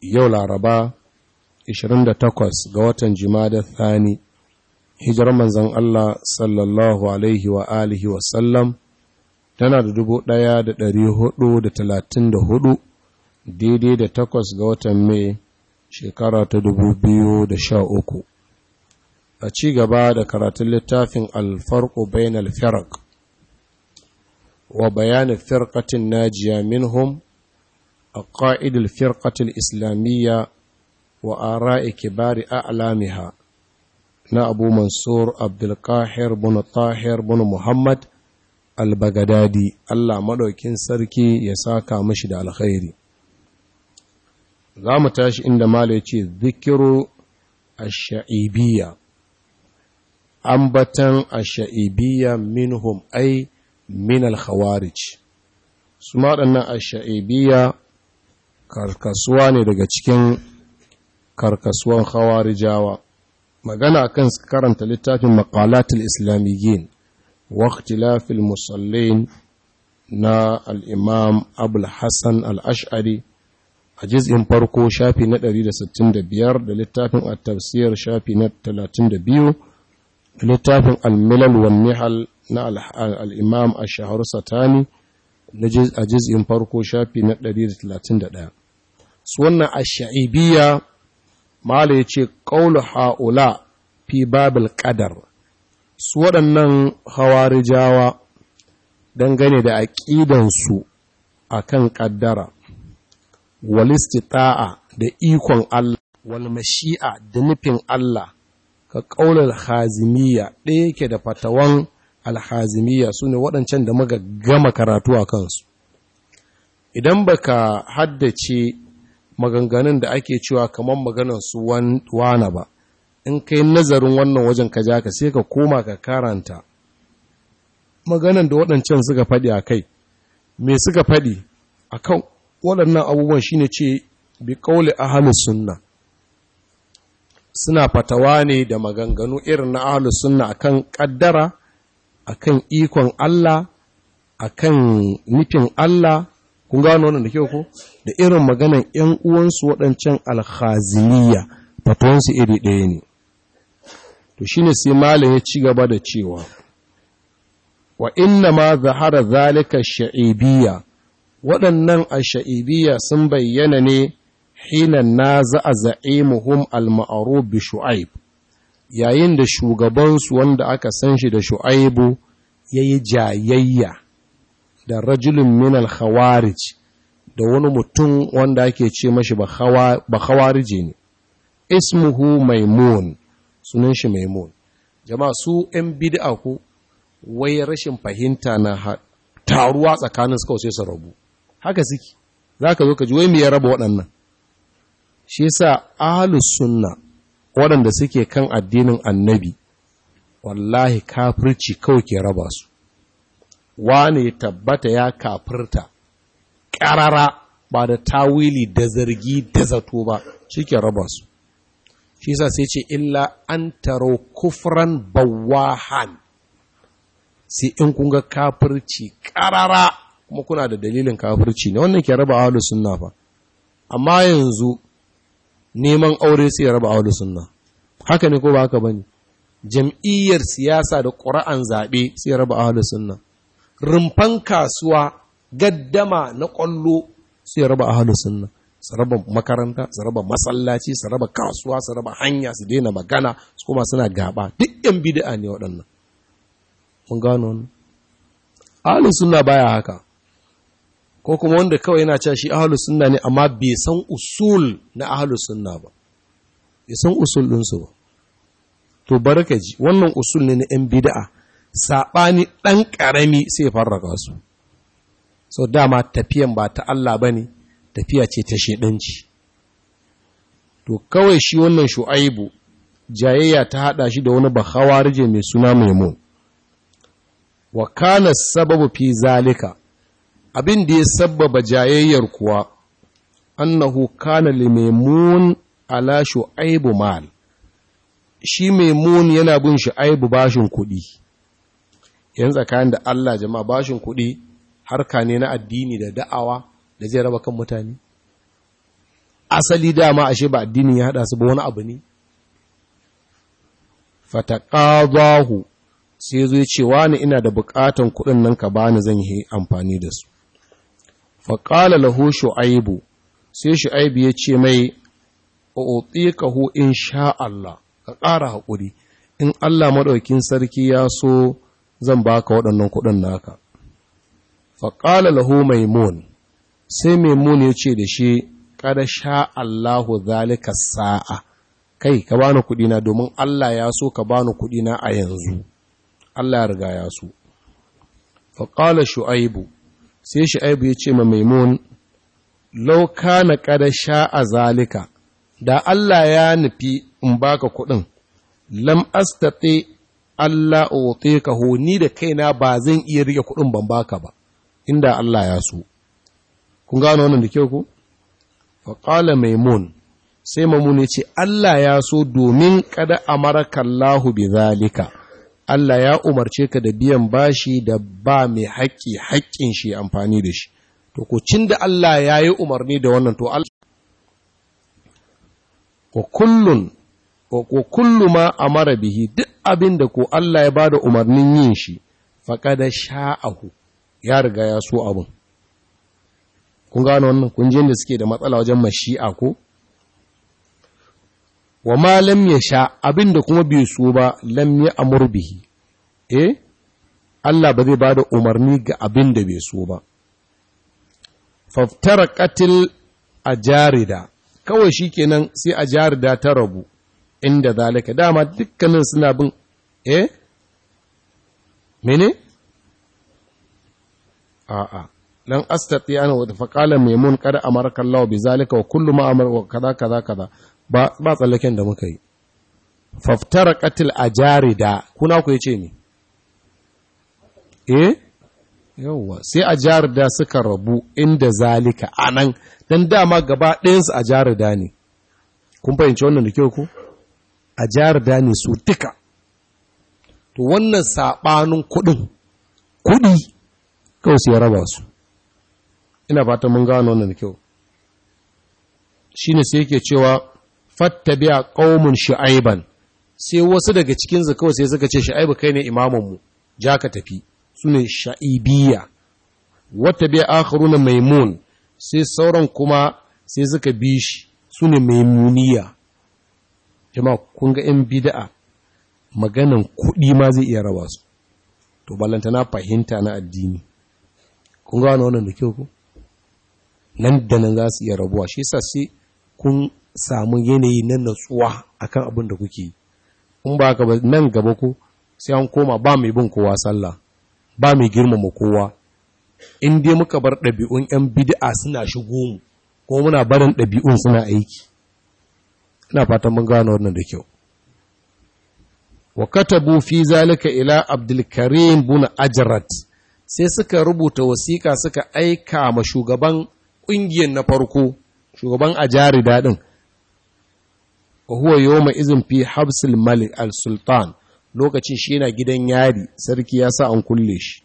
yau laraba 28 ga watan jimada thani hijirar manzan Allah sallallahu alaihi wa alihi wasallam tana da 1434 daidai da takwas ga watan mai shekara ta da sha uku. a ci gaba da karatun littafin alfarko bayan alfarak wa bayanin firkatin najiya minhum A أقائد islamiyya, الإسلامية وآراء a أعلامها na abu mansur abdulkahir bin tahir bin muhammad albagadadi allah maɗaukin sarki ya saka mashi da alkhairi za mu tashi inda mala ya ce zikiru asha'ibiyya ambatan asha'ibiyya minhum ai min al-khawarij, su maɗannan asha'ibiyya karkasuwa ne daga cikin karkasuwan hawarijawa magana kan karanta littafin makalatul islamiyyin wa ikhtilafil musallin na al’imam imam abul hassan al a jiz’in farko shafi na 165 da littafin a tafsiyar shafi na 32 da littafin al-milal wan nihal na al’imam a ash satani a jiz’in farko shafi na 131 su wannan ash'ibiyya mala ya ce ƙaulu ha'ula fi babil ƙadar su waɗannan hawarijawa dangane da aƙidansu a kan ƙaddara ta'a da ikon Allah walmashi'a da nufin Allah ka ƙaular hazimiyya ɗaya yake da fatawan alhazimiyya su ne waɗancan da muka gama karatu a kansu idan baka haddace maganganun da ake cewa kamar maganar su wana ba in kai nazarin wannan wajen ka ja ka sai ka koma ka karanta maganan da waɗancan suka faɗi a kai me suka faɗi a kan waɗannan abubuwan shine ce bi ƙaule ahalus sunna suna fatawa ne da maganganu irin na ahalus sunna akan ƙaddara akan ikon Allah akan nufin Allah kun gano wannan da kyau ko da irin maganan ƴan uwansu waɗancan alhaziniya fatuwansu iri ɗaya ne to shi ne sai malam ya ci gaba da cewa wa inna ma zahara zalika sha'ibiyya waɗannan a sha'ibiyya sun bayyana ne hinan na za'a za'imuhum al-ma'ruf bi shu'aib yayin da shugabansu wanda aka san shi da shu'aibu ya yi jayayya da rajulun minal khawarij da wani mutum wanda ake ce mashi ba khawarije ne ismuhu maimun sunan shi maimun jama'a su 'yan bid'a ko wai rashin fahimta na taruwa tsakanin suka sai su rabu haka suke za ka zo ka ji wai mu ya raba waɗannan shi sa ahalus sunna waɗanda suke kan addinin annabi wallahi kafirci kawai ke raba su wane ya tabbata ya kafirta ƙarara ba da tawili da zargi da zato ba shi ke raba su shi sa sai ce illa an taro kufran bawahan sai in kun ga kafirci ƙarara kuma kuna da dalilin kafirci ne wannan ke raba ahlus sunna fa amma yanzu neman aure sai ya raba ahlus sunna haka ne ko ba haka bane jam'iyyar siyasa da ƙura'an zaɓe sai ya raba ahlus sunna rumfan kasuwa gaddama na ƙwallo ya raba ahalu sunna su raba makaranta su raba masallaci su raba kasuwa su raba hanya su daina magana su kuma suna gaba duk yan bid'a ne waɗannan mun gano wannan ahalu sunna baya haka ko kuma wanda kawai yana cewa shi ahalu sunna ne amma bai san usul na ahalu sunna ba bai san usul ɗinsu ba to baraka ji wannan usul ne na yan bid'a saɓani ɗan ƙarami sai farraka su so dama tafiyan ba ta Allah ba ne tafiya ce ta shaɗanci to kawai shi wannan shu'aibu jayayya ta haɗa shi da wani bahawarje mai suna maimun wa kana sababu fi zalika abin da ya sababa jayayyar kuwa annahu kana li maimun ala shu'aibu mal shi maimun yana bin shu'aibu bashin kuɗi yan tsakanin da Allah jama'a bashin kuɗi harka ne na addini da da'awa da zai raba kan mutane asali dama ashe ba addini ya hada su ba wani abu ne fataqadahu sai zo ce ni ina da bukatan kuɗin nan ka bani zan yi amfani da su faqala lahu shu'aibu sai shu'aibu ya ce mai u'tikahu in sha Allah ka ƙara haƙuri in Allah maɗaukin sarki ya so zan ba ka waɗannan kuɗin naka faƙala lahu maimun sai maimun ya ce da shi kada sha Allahu zalika sa'a kai ka bani kuɗina domin Allah ya so ka bani kuɗina a yanzu Allah ya riga ya so faƙala shu'aibu sai shu'aibu ya ce ma maimun lauka na kada sha a zalika da Allah ya nufi in baka kuɗin lam astati Allah ote ka ni da kaina ba zan iya rike kuɗin ban baka ba, inda Allah ya so. Kun gano wannan da kyau ku? qala maimun, sai mamun ya ce, Allah ya so domin kada Allah bi zalika. Allah ya umarce ka da biyan bashi da ba mai haƙƙi haƙƙin shi amfani da shi. To, ko cin da Allah ya yi umarni da wannan to Allah. Wa kullun, wa kullu ma amara bihi duk abin da ko Allah ya bada umarnin yin shi faƙada sha'ahu ya riga ya so abin kun gano wannan kun da suke da matsala wajen mashi'a ko wa ma lam ya sha abin da kuma bai so ba lam ya amur bihi eh Allah ba zai ba da umarni ga abin da bai so ba faftara katil a jarida kawai shi kenan sai a jarida ta rabu inda zalika dama dukkanin suna bin eh mene a'a lan astati ana wa faqala maimun qad amaraka Allah bi zalika wa kullu ma amara wa kaza ba ba tsallaken da muka yi faftaraqatil ajarida kuna ku yace ni eh yawwa sai ajarida suka rabu inda zalika anan dan dama gaba ɗayan su ajarida ne kun fahimci wannan da kyau ko ajarida ne su duka to wannan saɓanin kuɗin kuɗi kawai sai ya raba su ina fata mun gano wannan kyau shine sai yake cewa fattabi'a qaumun shu'aiban sai wasu daga cikin su kawai sai suka ce shu'aibu kai ne imamin mu ja ka tafi sune sha'ibiyya wattabi'a akharuna maimun sai sauran kuma sai suka bi shi sune maimuniya jama'a kun ga 'yan bid'a maganan kuɗi ma zai iya raba su to ballanta na fahimta na addini kun gano wannan da kyau ku nan da nan za su iya rabuwa shi yasa sai kun samu yanayi na natsuwa akan abin da kuke yi in ba ka nan gaba ko sai an koma ba mai bin kowa sallah ba mai girmama kowa in dai muka bar ɗabi'un 'yan bid'a suna shigo mu ko muna barin ɗabi'un suna aiki ina fatan mun gano wannan da kyau wa katabu fi zalika ila abdulkarim bun ajrat sai suka rubuta wasiƙa suka aika ma shugaban ƙungiyar na farko shugaban ajari daɗin wa huwa yawma izin fi habsul malik al-sultan lokacin shi yana gidan yari sarki ya sa an kulle shi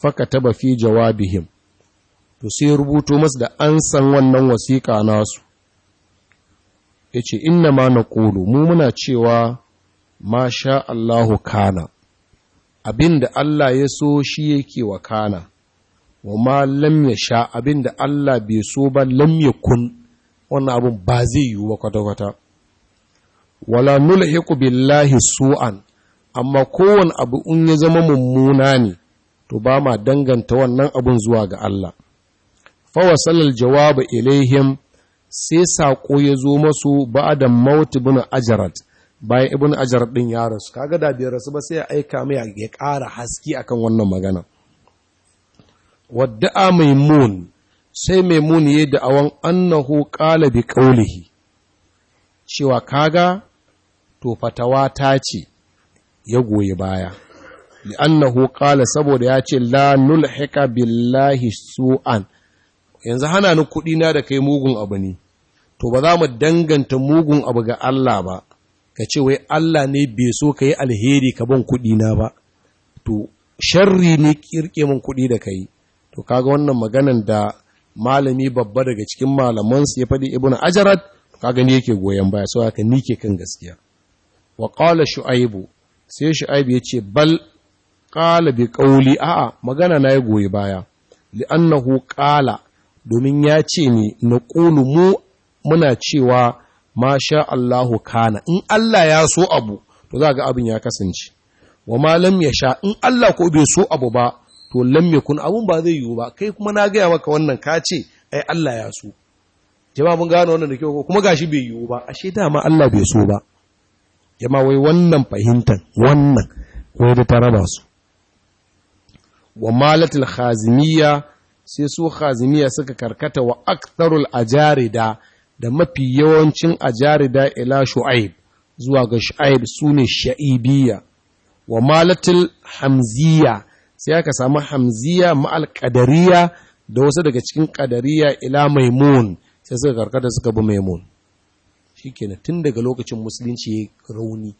faka taba fi jawabihim to sai rubuto masu da an san wannan wasiƙa nasu ya ce inna ma na mu muna cewa Masha sha Allahu kana abin da Allah ya so shi yake wa kana wa ma lam ya sha abin da Allah bai so ba lam ya kun wannan abin ba zai yiwu wa kwata-kwata wala nulhiqu billahi su'an amma kowane abu in ya zama mummuna ne to ba ma danganta wannan abin zuwa ga Allah fawasalar jawabu ilaihim sai saƙo ya zo masu ba'adan mautu bin ajarat bayan ibn ajar din ya rasu kaga da bai rasu ba sai ya aika mai ya ƙara haski akan wannan magana wadda'a maimun sai maimun yayi da awan annahu qala bi qawlihi cewa kaga to fatawa ta ce ya goyi baya li'annahu qala saboda ya ce la nulhika billahi su'an yanzu hana ni kuɗi na da kai mugun abu ne to ba za mu danganta mugun abu ga Allah ba ka ce wai Allah ne bai so ka yi alheri ka ban kuɗi na ba to sharri ne kirke min kuɗi da kai to kaga wannan maganan da malami babba daga cikin malamansu ya faɗi ibnu ajarat kaga ne yake goyon baya so haka ni ke kan gaskiya wa qala shu'aibu sai shu'aibu yace bal qala bi qawli a'a magana na ya goyi baya li'annahu qala domin ya ce ni naqulu mu muna cewa ma Allahu kana in Allah ya so abu to za ga abin ya kasance wa ma lam ya sha in Allah ko bai so abu ba to lam yakun abun ba zai yiwu ba kai kuma na gaya maka wannan ka ce ai Allah ya so jama'a mun gano wannan da kyau kuma gashi bai yiwu ba ashe dama Allah bai so ba jama'a wai wannan fahimtar wannan wai da ta raba su wa malatul khazimiyya sai su khazimiyya suka karkata wa aktharul ajarida da mafi yawancin a jarida ila shu'aib zuwa ga shu'aib su ne sha'ibiyya wa malatul hamziya sai aka samu hamziya ma'al kadariya da wasu daga cikin ƙadariya ila maimun sai suka karkata suka bi maimun shi kenan tun daga lokacin musulunci ya rauni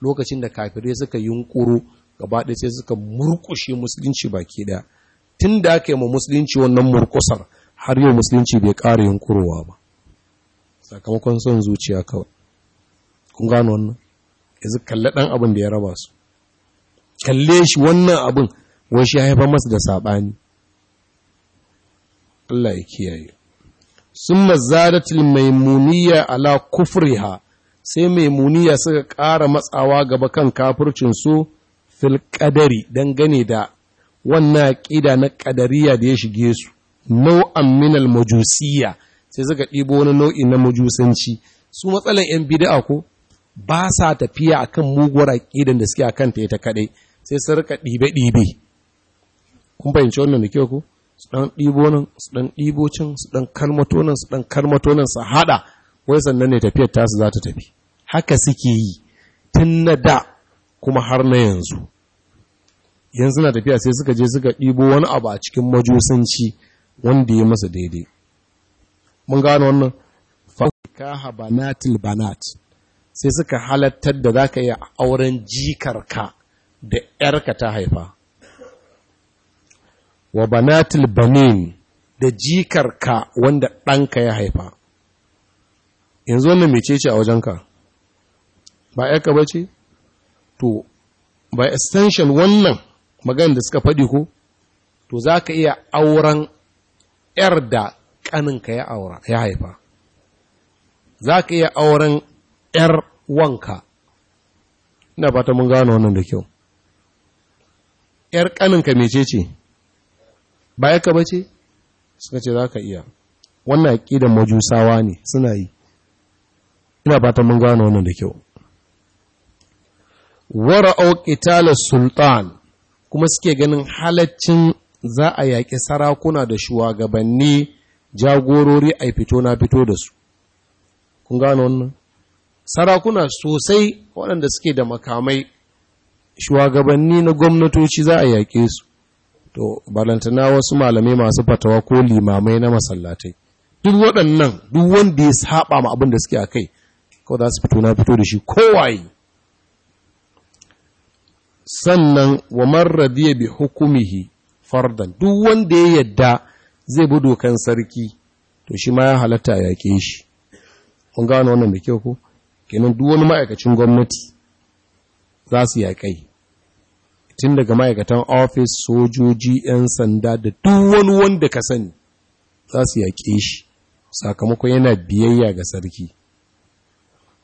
lokacin da kafirai suka yunkuru gaba ɗaya sai suka murƙushe musulunci baki ɗaya tun da aka yi ma musulunci wannan murkusar har yau musulunci bai ƙara yunkurowa ba sakamakon son zuciya kawai kun gano wannan yanzu kalle ɗan abin da ya raba su kalle shi wannan abin wai shi haifar masa da saɓani. Allah ya kiyaye Sun zadatil maimuniya ala kufriha sai maimuniya suka ƙara matsawa gaba kan kafircin su fil don dangane da wannan ƙida na ƙadariya da ya shige su nau'an minal majusiyya sai suka ɗibo wani nau'i na majusanci su matsalan 'yan bida'a ko ba sa tafiya akan muguwar aƙidan da suke akan ta ita kaɗai sai su rika ɗibe-ɗibe kun fahimci wannan da kyau ku su ɗan ɗibo nan su ɗan ɗibo can su ɗan kalmato nan su ɗan kalmato nan su haɗa wai sannan ne tafiyar tasu za ta tafi haka suke yi tun na da kuma har na yanzu yanzu na tafiya sai suka je suka ɗibo wani abu a cikin majusanci wanda ya masa daidai mun gano wannan ha banatil banat sai suka halattar da zaka yi auren jikarka da ‘yarka ta haifa, wa banatil banin da jikarka wanda ɗanka ya haifa, yanzu wannan mece ce a wajenka, ba ‘yarka ba ce? To, ba essential wannan magana da suka faɗi ko, to za ka iya auren ‘yar da ƙaninka ya aura ya haifa za ka iya auren ‘yar wanka ina fata mun gano wannan da kyau ‘yar ƙaninka mece ce ba ya kaba ce suka ce za ka iya wannan da majusawa ne suna yi ina fata mun gano wannan da kyau wara'au ƙitalar sultan kuma suke ganin halaccin za a yaƙi sarakuna da shugabanni jagorori a fito na fito da su kun gano wannan sarakuna sosai waɗanda suke da makamai shugabanni na gwamnatoci za a yaƙe su to balantana wasu malamai masu fatawa ko limamai na masallatai duk waɗannan duk wanda ya saba ma abin da suke a kai kawai za su fito na fito da shi kowaye sannan wa man ya bi hukumihi fardan duk wanda ya yadda zai bi dokan sarki to shi ma ya halatta ya yaƙe shi kun gano wannan da kyau ko kenan duk wani ma'aikacin gwamnati za su yaƙai tun daga ma'aikatan ofis sojoji 'yan sanda da duk wani wanda ka sani za su yaƙe shi sakamakon yana biyayya ga sarki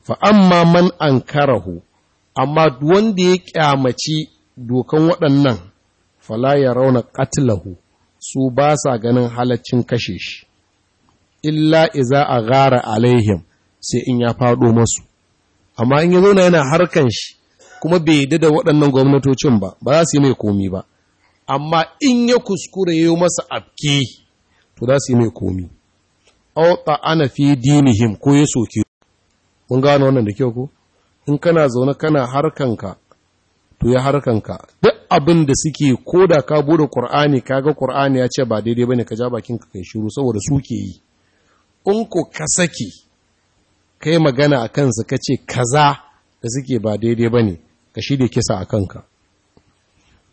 fa'amma man an karahu amma duk wanda ya ƙyamaci dokan waɗannan fala ya rauna ƙatilahu su ba sa ganin halaccin kashe shi illa iza a gara alaihim sai in ya faɗo masu amma in ya zauna yana harkan shi kuma bai yadda da waɗannan gwamnatocin ba ba za su yi mai komi ba amma in ya kuskure yi masa afki to za su yi mai komi auta ana fi dinihim ko ya soke mun gano wannan da kyau ko in kana zaune kana harkanka to ya harkanka duk abin da suke ko da ka bude ƙur'ani kaga ƙur'ani ya ce ba daidai bane ka ja bakin ka kai shiru saboda suke yi in ku ka saki kai magana a kansu ka ce kaza da suke ba daidai bane ka shirya kisa a kanka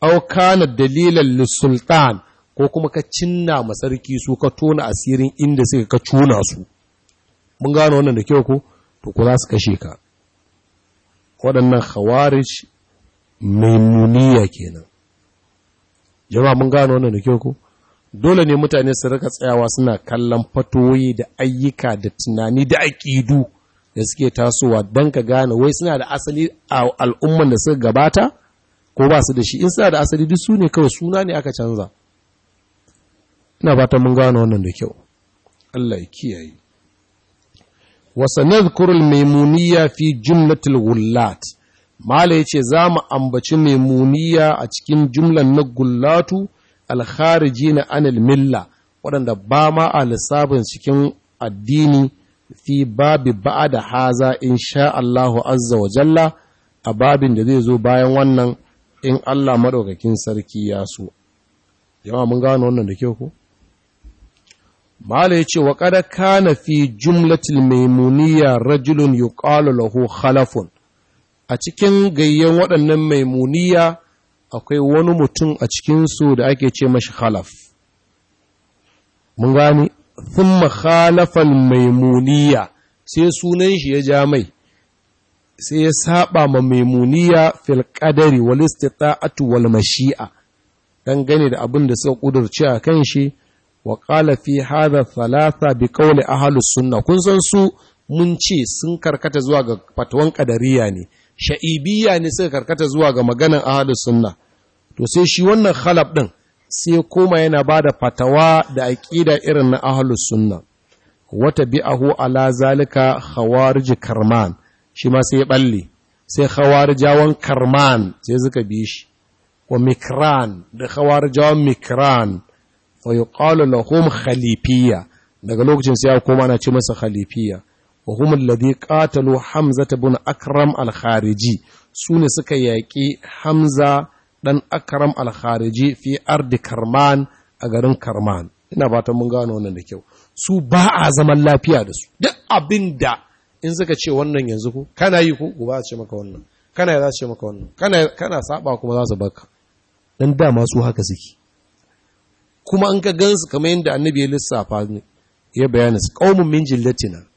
aw kana dalilan lisultan ko kuma ka cinna masarki su ka tona asirin inda suka ka cuna su mun gano wannan da kyau ko to ku za su kashe ka waɗannan khawarij maimuniya kenan jama'a mun gano wannan da kyau ko dole ne mutane su rika tsayawa suna kallon fatoyi da ayyuka da tunani da aƙidu da suke tasowa don ka gane wai suna da asali a al'umman da suka gabata ko ba su da shi in suna da asali duk su ne kawai suna ne aka canza ina ba ta mun gano wannan da kyau Allah ya kiyaye wa sanadhkuru al-maimuniyya fi jumlatil ghullat mala ya ce za mu ambaci memuniya a cikin jumlan na gullatu alkhariji na anil milla waɗanda ba ma a lissafin cikin addini fi babi ba'a da haza in sha Allahu azza wa jalla a babin da zai zo bayan wannan in Allah maɗaukakin sarki ya so. Yawa mun gano wannan da kyau ko? Mala ya ce, wa ƙada kana fi jumlatil memuniya rajulun yuqalu lahu khalafun. a cikin gayyan waɗannan maimuniya akwai wani mutum a cikinsu da ake ce mashi khalaf mun gani thumma khalafal maimuniya sai sunan shi ya ja mai sai ya saba ma maimuniya fil qadari wal istita'atu wal mashi'a dangane da abin da suka kudurce a kan shi wa qala fi hadha thalatha bi qawli sunna kun san su mun ce sun karkata zuwa ga fatawan qadariya ne sha'ibiyya ne suka karkata zuwa ga maganan ahadu sunna to sai shi wannan khalaf din sai koma yana bada fatawa da aqida irin na ahlu sunna wata bi'ahu ala zalika khawarij karman shi ma sai ya sai Hawarjawan karman sai suka bi shi wa mikran da khawarijawan mikran wa yuqalu lahum khalifiyya daga lokacin sai ya koma na ce masa khalifiyya wa hum alladhi qatalu Hamza ibn Akram al-Khariji sune suka yaƙi Hamza ɗan Akram al-Khariji ardi Karman a garin Karman ina fatan mun gano wannan da kyau su ba a zaman lafiya da su duk abinda in suka ce wannan yanzu ko kana yi ko gobe a ce maka wannan kana za su ce maka wannan kana kana saba kuma za su baka dan dama su haka suke kuma an ka gansu kamar yadda annabi ya lissafa ya bayani su qaumun min jillatina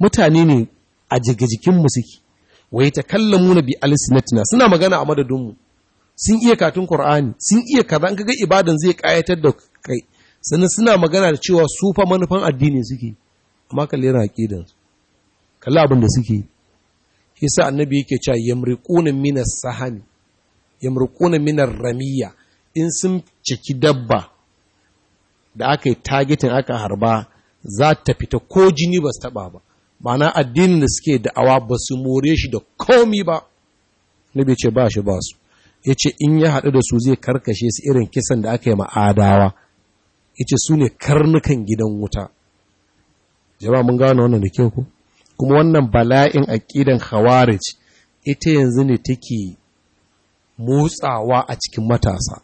mutane ne a jikin suke wai ta kallon na bi alisinatina suna magana a madadinmu sun iya katun Kur'ani, sun iya kaza kaga ibadan zai kayatar da kai sannan suna magana da cewa su fa manufan addini suke amma kalli yana aqidan su kalli abin da suke yasa annabi yake cewa yamriquna minar sahani yamriquna minar ramiya in sun ciki dabba da aka yi targetin aka harba za ta fita ko jini ba su taba ba ma'ana addinin da suke da'awa ba su more shi da komi ba nabi ce ba shi ba su ya ce in ya haɗu da su zai karkashe su irin kisan da aka yi ma'adawa ya ce su ne karnukan gidan wuta jama'a mun gano wannan da kyau ku kuma wannan bala'in a ƙidan khawarij ita yanzu ne take motsawa a cikin matasa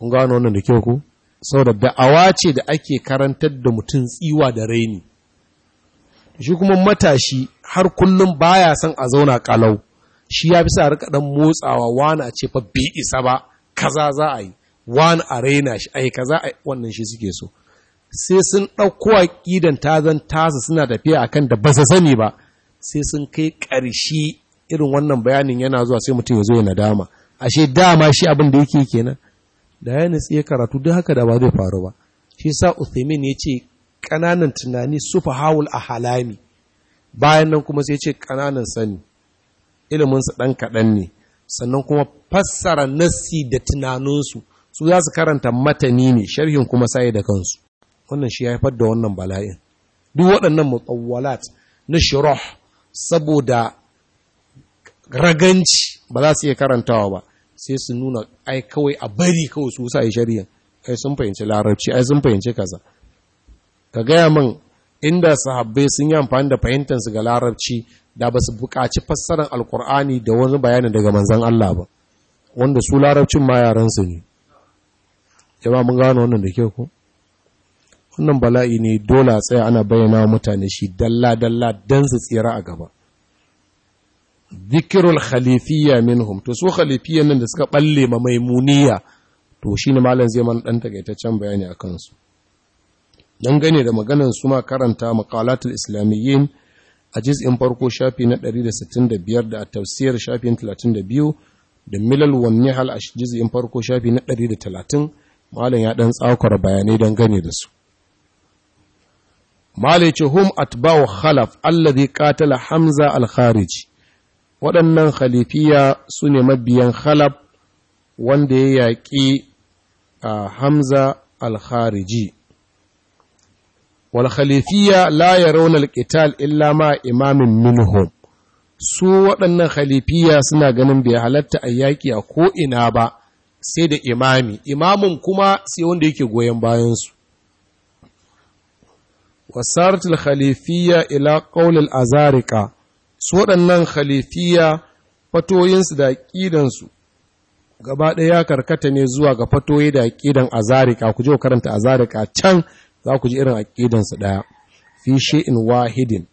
mun gano wannan da kyau ku Sau saboda da'awa ce da ake karantar da mutum tsiwa da raini shi kuma matashi har kullum baya son a zauna kalau shi ya fi sa rika dan motsawa wani a ce fa bi isa ba kaza za a yi wani a raina shi ai kaza a wannan shi suke so sai sun ɗauko ƙidan tazan tasa suna tafiya akan da ba su sani ba sai sun kai ƙarshe irin wannan bayanin yana zuwa sai mutum ya zo na dama ashe dama shi abin da yake kenan da ya nutsi ya karatu duk haka da ba zai faru ba shi sa Uthaymin ya ce ƙananan tunani sufa hawul a halami bayan nan kuma sai ce ƙananan sani iliminsu ɗan kaɗan ne sannan kuma fassara nassi da tunaninsu su za su karanta matani ne sharhin kuma sai da kansu wannan shi ya haifar da wannan bala'in duk waɗannan mutawwalat na shirah saboda raganci ba za su iya karantawa ba sai su nuna ai kawai a bari kawai su sa shari'a ai sun fahimci larabci ai sun fahimci kaza ka gaya min inda sahabbai sun yi amfani da fahimtarsu ga larabci da ba su buƙaci fassarar alkur'ani da wani bayanin daga manzan Allah ba wanda su larabcin ma yaransu ne jama'a mun gano wannan da kyau ko wannan bala'i ne dole a tsaya ana bayyana wa mutane shi dalla-dalla don su tsira a gaba. Zikirul khalifiyya minhum, to su khalifiyyan nan da suka balle ma maimuniya, to shi ne malam zai mana ɗan takaitaccen bayani a kansu. don gane da maganan su ma karanta makalatul islamiyyin a jiz'in farko shafi na 165 da a tafsir shafin 32 da milal wani hal a jiz'in farko shafi na 130 malam ya dan tsakar bayanai don gane da su malai ce hum atba'u khalaf allazi qatala hamza al-khariji waɗannan khalifiya su ne mabiyan khalaf wanda ya yaƙi a hamza al-khariji Walhalifiya la ya raunar qital illa ma imamin minhum su waɗannan halifiya suna ganin bai halatta a yaƙi a ko'ina ba sai da imami imamin kuma sai wanda yake goyon bayansu wasartul halifiya ila ƙaunar azarika su waɗannan halifiya fatoyinsu da ƙidansu gaba ɗaya karkata ne zuwa ga fatoyi da ƙidan azarika ku je karanta azarika can za ku ji irin aƙidansa ɗaya fi in wahidin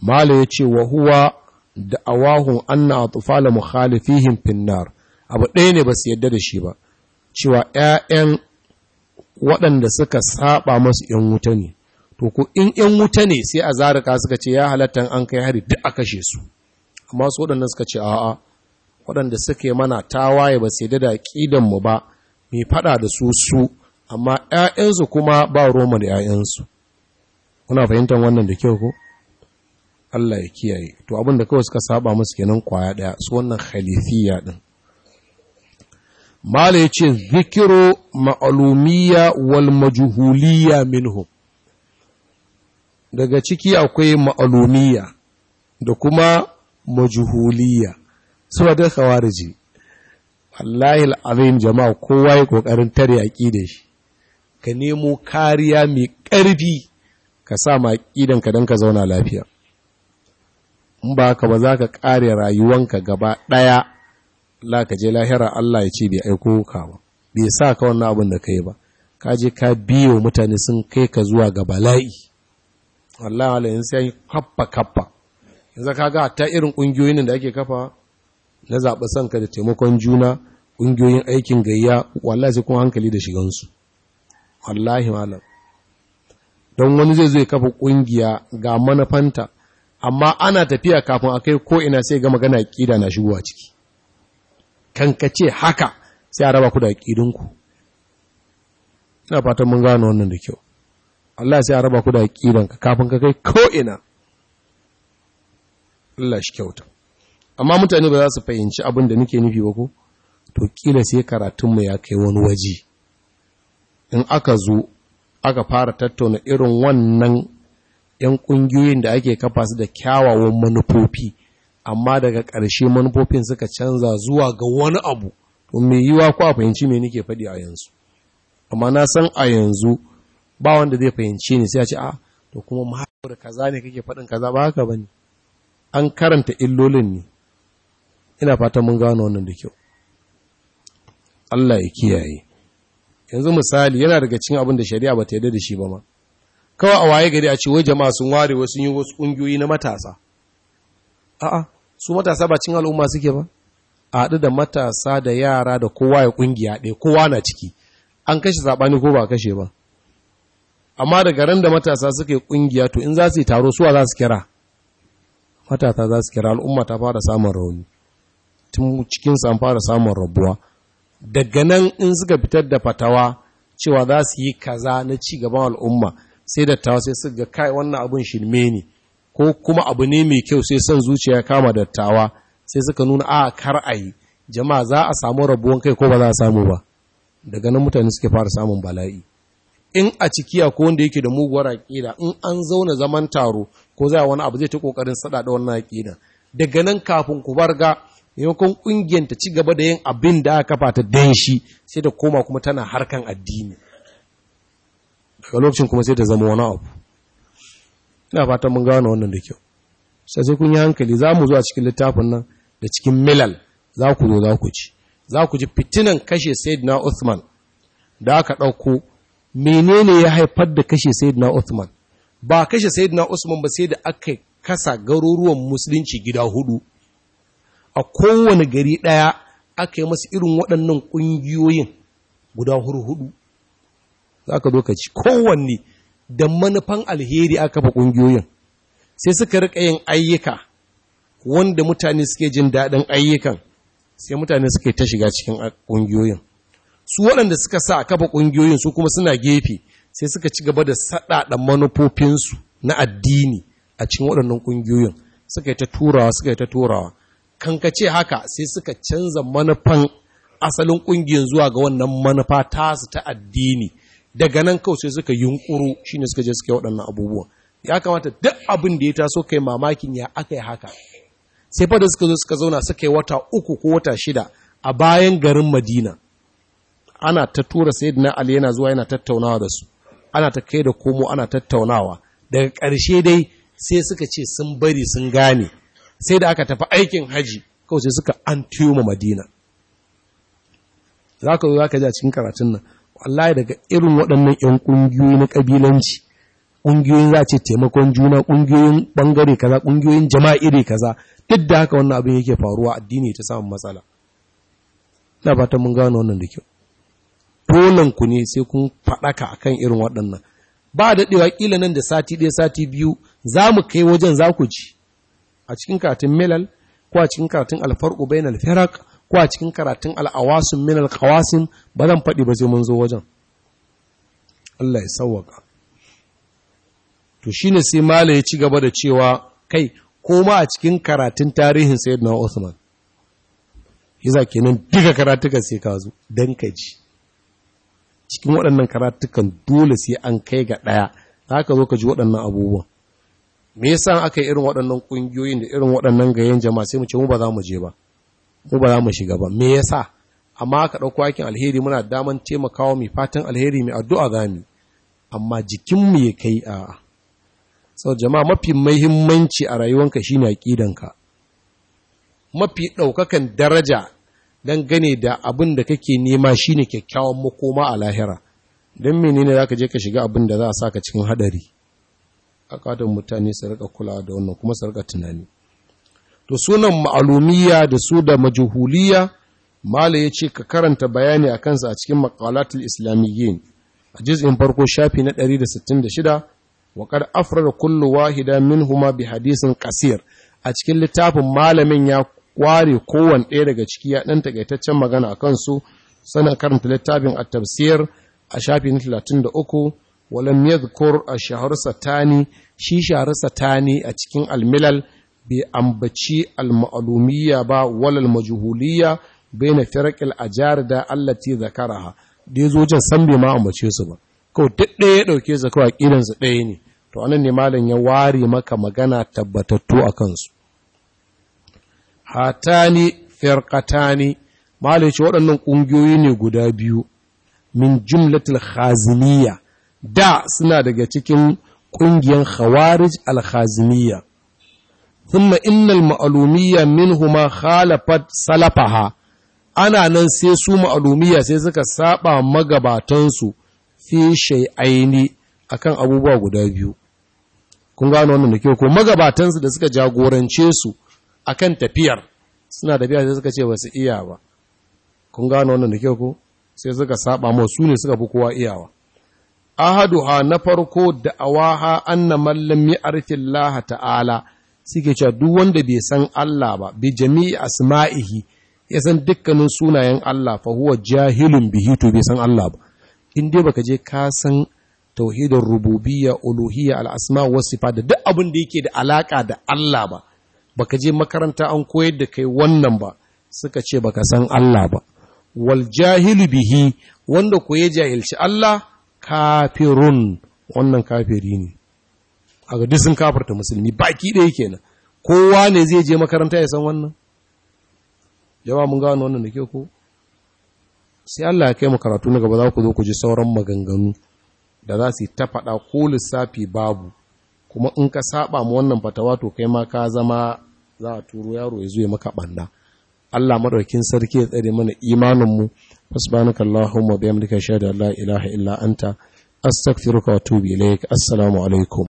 malo ya ce wa huwa da awahun anna a tufala muhalifihim finnar abu ɗaya ne ba su yadda da shi ba cewa ‘ya'yan waɗanda suka saba masu ‘yan wuta ne to ku in ‘yan wuta ne sai a zarika suka ce ya halatta an kai hari duk a kashe su amma su waɗanda suka ce a'a waɗanda suka yi mana tawaye ba su yadda da ƙidanmu ba mai faɗa da su su amma ‘ya'yansu kuma ba roman ‘ya'yansu, kuna fahimtar wannan da kyau ko? Allah ya kiyaye, to abinda kawai suka saba musu kenan kwaya ɗaya su wannan khalifiya ɗin. Mala ya ce, Zikiro ma'alumiya wal majuhuliya minhu, daga ciki akwai ma'alumiya da kuma majuhuliya, suna ji, Allah ya azim jama'a kowa ya ƙoƙarin tare a ƙi da shi. ka nemo kariya mai ƙarfi ka sa ma ka don ka zauna lafiya in ba ka ba za ka ƙare rayuwanka gaba ɗaya la ka je lahira Allah ya ce bai aiko ka ba bai sa ka wannan abin da ka yi ba ka je ka biyo mutane sun kai ka zuwa ga bala'i wallahi alayin sai kappa kappa yanzu ka ga ta irin ƙungiyoyin da ake kafa na zaɓi sanka da taimakon juna ƙungiyoyin aikin gayya wallahi sai kuma hankali da shigansu wallahi malam don wani zai zo ya kafa kungiya ga manufanta amma ana tafiya kafin a kai ko ina sai ga magana ƙida na shigowa ciki kankace haka sai a raba ku da ƙidinku ina fatan mun gano wannan da kyau Allah sai a raba ku da ƙidanka kafin ka kai ko ina Allah shi kyauta amma mutane ba za su fahimci abin da nake nufi ba ko to kila sai karatunmu ya kai wani waje in aka zo aka fara tattauna irin wannan 'yan ƙungiyoyin da ake kafa su da kyawawan manufofi amma daga ƙarshe manufofin suka canza zuwa ga wani abu to me yiwa ko a fahimci mai nake faɗi a yanzu amma na san a yanzu ba wanda zai fahimci ni sai a ce a ah, to kuma mahaifar kaza ne kake faɗin kaza ba haka bane an karanta illolin ne ina fatan mun gano wannan da kyau Allah ya kiyaye yanzu misali yana daga cikin abin da shari'a ba ta yarda da shi ba ma kawai a waye gari a ce wai jama'a sun ware wasu yi wasu ƙungiyoyi na matasa a'a su matasa ba cin al'umma suke ba a haɗu da matasa da yara da kowa ya ƙungiya ɗaya kowa na ciki an kashe saɓani ko ba kashe ba amma daga ran da matasa suke ƙungiya to in za su yi taro suwa za su kira matasa za su kira al'umma ta fara samun rauni tun cikin an fara samun rabuwa daga nan in suka fitar da fatawa cewa za su yi kaza na ci gaban al'umma sai dattawa sai suka ga kai wannan abin shirme ne ko kuma abu ne mai kyau sai son zuciya kama dattawa sai suka nuna a kar a yi jama'a za a samu rabuwan kai ko ba za a samu ba daga nan mutane suke fara samun bala'i in a ciki ko wanda yake da muguwar aƙida in an zauna zaman taro ko za a wani abu zai ta kokarin saɗaɗa da wannan aƙida daga nan kafin ku barga maimakon ƙungiyar ta ci gaba da yin abin da aka kafa ta dan shi sai ta koma kuma tana harkan addini daga lokacin kuma sai ta zama wani abu ina fatan mun gano wannan da kyau sai sai kun yi hankali za mu zo cikin littafin nan da cikin milal za ku zo za ku ci za ku ji fitinan kashe sayyidina Usman, da aka ɗauko menene ya haifar da kashe sayyidina Usman? ba kashe sayyidina Usman ba sai da aka kasa garuruwan musulunci gida hudu a kowane gari ɗaya aka yi masu irin waɗannan ƙungiyoyin guda hurhudu za ka zo ci kowanne da manufan alheri aka fa ƙungiyoyin sai suka riƙa yin ayyuka wanda mutane suke jin daɗin ayyukan sai mutane suka ta shiga cikin ƙungiyoyin su waɗanda suka sa kafa ƙungiyoyin su kuma suna gefe sai suka ci gaba da saɗaɗa manufofinsu na addini a cikin waɗannan ƙungiyoyin suka yi ta turawa suka yi ta turawa kankace haka sai suka canza manufan asalin ƙungiyar zuwa ga wannan manufa tasu ta addini daga nan kawai sai suka yunkuru shine suka je suka yi waɗannan abubuwa. ya kamata duk abin da ya taso kai mamakin ya aka yi haka sai fa suka zo suka zauna suka yi wata uku ko wata shida a bayan garin madina ana ta tura sayyidina ali yana zuwa yana tattaunawa da su ana ta kai da komo ana tattaunawa daga ƙarshe dai sai suka ce sun bari sun gane sai da aka tafi aikin haji kawai sai suka an tiyo madina za ka zo za ji a cikin karatun nan wallahi daga irin waɗannan 'yan ƙungiyoyi na ƙabilanci ƙungiyoyin za ce taimakon juna ƙungiyoyin ɓangare kaza ƙungiyoyin jama'a iri kaza duk da haka wannan abin yake faruwa addini ta samun matsala na fatan mun gano wannan da kyau dolan ku ne sai kun faɗaka akan irin waɗannan ba daɗewa ƙila nan da sati ɗaya sati biyu za mu kai wajen za ku ci a cikin karatun milal ko a cikin karatun bai bainal alfarak ko a cikin karatun al'awasin minal kawasin ba zan faɗi ba sai mun zo wajen Allah ya sauwaka to shi ne sai mala ya ci gaba da cewa kai koma a cikin karatun tarihin sayyidina Uthman yasa kenan duka karatukan sai ka zo don ka ji cikin waɗannan karatukan dole sai an kai ga ɗaya za ka zo ka ji waɗannan abubuwan me yasa aka yi irin waɗannan ƙungiyoyin da irin waɗannan gayen jama'a sai mu ce mu ba za mu je ba mu ba za mu shiga ba me yasa amma aka ɗauko aikin alheri muna daman taimakawa mai fatan alheri mai addu'a za mu amma jikinmu ya kai a sau jama'a mafi muhimmanci a rayuwanka shine ka mafi ɗaukakan daraja don gane da abin da kake nema shine kyakkyawan makoma a lahira don menene za ka je ka shiga abin da za a saka cikin haɗari akadan mutane su rika kulawa da wannan kuma su rika tunani to sunan ma'alumiya da su da majuhuliya mala ya ce ka karanta bayani a kansa a cikin maqalatul islamiyyin a juz'in farko shafi na 166 wa qad afrada kullu wahida minhuma bi hadisin qasir a cikin littafin malamin ya kware kowanne ɗaya daga ciki ya ɗan takaitaccen magana a kansu sannan karanta littafin a tafsir a shafi na 33 walam yadhkur a shahr satani shi shahr satani a cikin almilal bai ambaci al-ma'lumiyya ba walal majhuliyya baina firaq al-ajar da allati zakaraha da yazo jin san bai ma ambace su ba kawai duk ɗaya ya dauke su kawai kidan su ɗaya ne to anan ne malam ya ware maka magana tabbatattu a kansu hatani firqatani malam ce waɗannan ƙungiyoyi ne guda biyu min jumlatul khaziniya da suna daga cikin ƙungiyar khawarij al-khazimiyya thumma innal ma'alumiyya minhuma khalafat salafaha ana nan sai su ma'lumiyya sai suka saba magabatansu fi shay'aini akan abubuwa guda biyu kun gano wannan da kyau ko magabatansu da suka jagorance su akan tafiyar suna tafiya sai suka ce ba su iya ba kun gano wannan da kyau ko sai suka saba mu su ne suka fi kowa iyawa ahaduha na farko da awaha anna mallam arfin laha ta'ala suke cewa duk wanda bai san Allah ba bi jami'i asma'ihi ya san dukkanin sunayen Allah fa huwa jahilun bihi to bai san Allah ba in dai baka je ka san tauhidin rububiya, uluhiyya al'asma wasu sifat da duk abin da yake da alaka da Allah ba baka je makaranta an koyar da kai wannan ba suka ce baka san Allah ba wal jahilu bihi wanda ko ya jahilci Allah kafirun wannan kafiri ne a ga sun kafarta musulmi baki ɗaya kenan kowa ne zai je makaranta ya san wannan yawa mun gano wannan da ke ko sai Allah ya kai mu karatu na gaba za ku zo ku ji sauran maganganu da za su yi ta faɗa ko lissafi babu kuma in ka saba mu wannan fatawa to kai ma ka zama za a turo yaro ya zo ya maka banda Allah madaukin sarki ya tsare mana imanin mu subhanaka allahumma bihamdika ashhadu an la ilaha illa anta astaghfiruka wa atubu assalamu alaikum